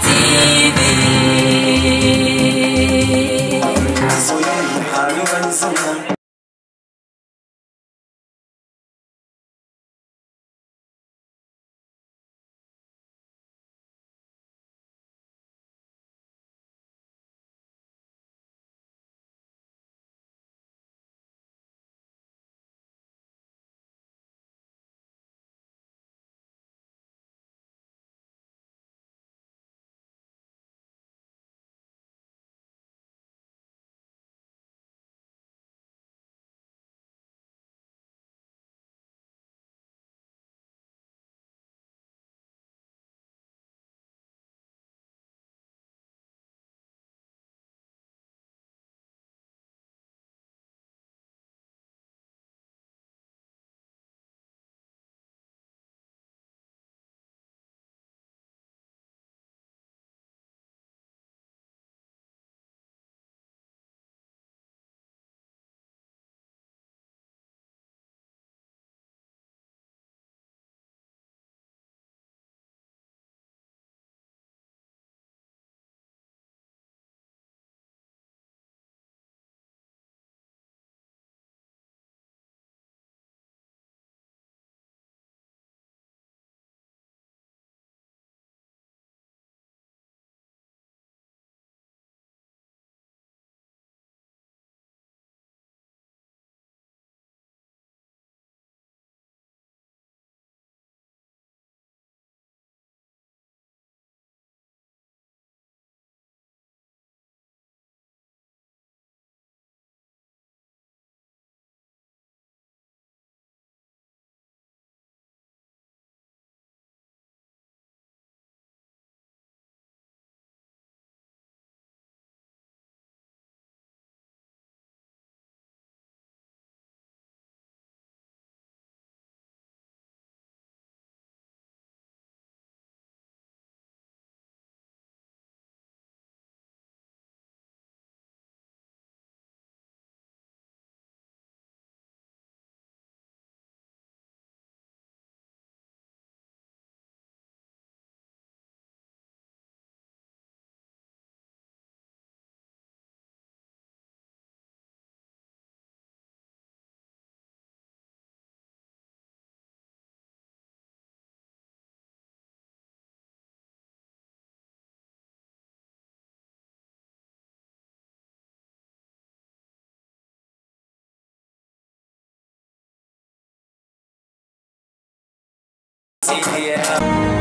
TV. CPL.